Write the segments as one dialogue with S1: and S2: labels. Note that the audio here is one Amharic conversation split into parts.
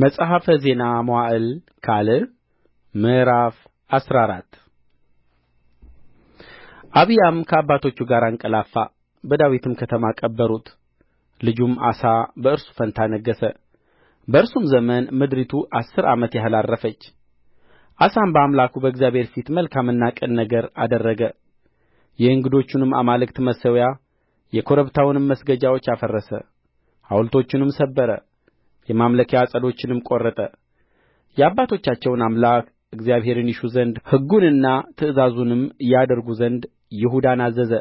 S1: መጽሐፈ ዜና መዋዕል ካልዕ ምዕራፍ አስራ አራት አብያም ከአባቶቹ ጋር አንቀላፋ በዳዊትም ከተማ ቀበሩት ልጁም አሳ በእርሱ ፋንታ ነገሠ በእርሱም ዘመን ምድሪቱ አሥር ዓመት ያህል ዐረፈች አሳም በአምላኩ በእግዚአብሔር ፊት መልካምና ቅን ነገር አደረገ የእንግዶቹንም አማልክት መሠዊያ የኮረብታውንም መስገጃዎች አፈረሰ ሐውልቶቹንም ሰበረ የማምለኪያ ዐፀዶቹንም ቈረጠ የአባቶቻቸውን አምላክ እግዚአብሔርን ይሹ ዘንድ ሕጉንና ትእዛዙንም ያደርጉ ዘንድ ይሁዳን አዘዘ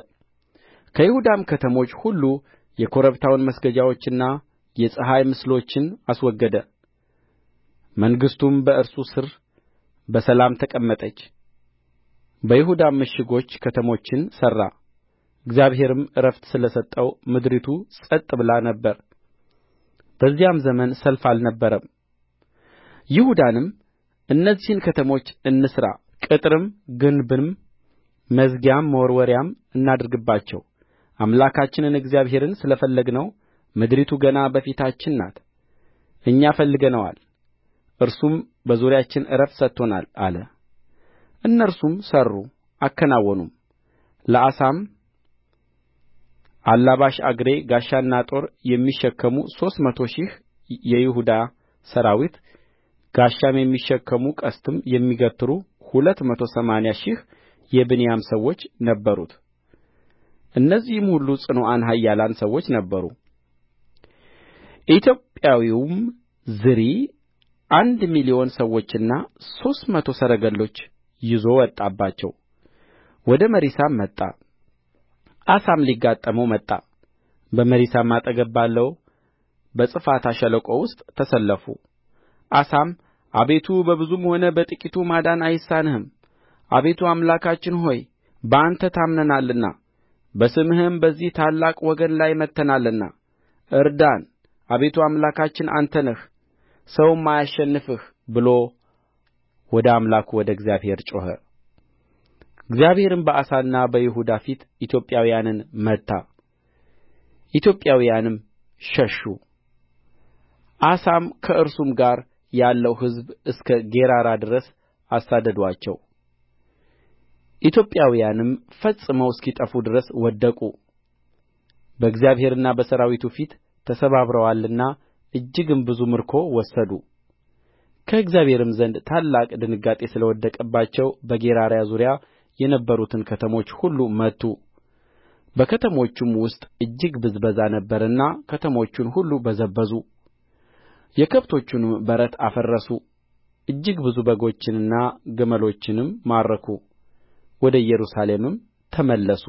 S1: ከይሁዳም ከተሞች ሁሉ የኮረብታውን መስገጃዎችና የፀሐይ ምስሎችን አስወገደ መንግሥቱም በእርሱ ሥር በሰላም ተቀመጠች በይሁዳም ምሽጎች ከተሞችን ሠራ እግዚአብሔርም ዕረፍት ስለ ሰጠው ምድሪቱ ጸጥ ብላ ነበር በዚያም ዘመን ሰልፍ አልነበረም ይሁዳንም እነዚህን ከተሞች እንሥራ ቅጥርም ግንብም መዝጊያም መወርወሪያም እናድርግባቸው አምላካችንን እግዚአብሔርን ስለ ፈለግነው ምድሪቱ ገና በፊታችን ናት እኛ ፈልገነዋል እርሱም በዙሪያችን ዕረፍት ሰጥቶናል አለ እነርሱም ሠሩ አከናወኑም ለአሳም አላባሽ አግሬ ጋሻና ጦር የሚሸከሙ ሦስት መቶ ሺህ የይሁዳ ሠራዊት ጋሻም የሚሸከሙ ቀስትም የሚገትሩ ሁለት መቶ ሰማንያ ሺህ የብንያም ሰዎች ነበሩት እነዚህም ሁሉ ጽኑዓን ኃያላን ሰዎች ነበሩ ኢትዮጵያዊውም ዝሪ አንድ ሚሊዮን ሰዎችና ሦስት መቶ ሰረገሎች ይዞ ወጣባቸው ወደ መሪሳም መጣ አሳም ሊጋጠመው መጣ በመሪሳም አጠገብ ባለው በጽፋታ ሸለቆ ውስጥ ተሰለፉ አሳም አቤቱ በብዙም ሆነ በጥቂቱ ማዳን አይሳንህም አቤቱ አምላካችን ሆይ በአንተ ታምነናልና በስምህም በዚህ ታላቅ ወገን ላይ መጥተናልና እርዳን አቤቱ አምላካችን አንተ ነህ ሰውም አያሸንፍህ ብሎ ወደ አምላኩ ወደ እግዚአብሔር ጮኸ እግዚአብሔርም በአሳና በይሁዳ ፊት ኢትዮጵያውያንን መታ ኢትዮጵያውያንም ሸሹ አሳም ከእርሱም ጋር ያለው ሕዝብ እስከ ጌራራ ድረስ አሳደዱአቸው ኢትዮጵያውያንም ፈጽመው እስኪጠፉ ድረስ ወደቁ በእግዚአብሔርና በሠራዊቱ ፊት ተሰባብረዋልና እጅግም ብዙ ምርኮ ወሰዱ ከእግዚአብሔርም ዘንድ ታላቅ ድንጋጤ ስለ ወደቀባቸው በጌራራ ዙሪያ የነበሩትን ከተሞች ሁሉ መቱ በከተሞቹም ውስጥ እጅግ ብዝበዛ ነበረና ከተሞቹን ሁሉ በዘበዙ የከብቶቹንም በረት አፈረሱ እጅግ ብዙ በጎችንና ግመሎችንም ማረኩ ወደ ኢየሩሳሌምም ተመለሱ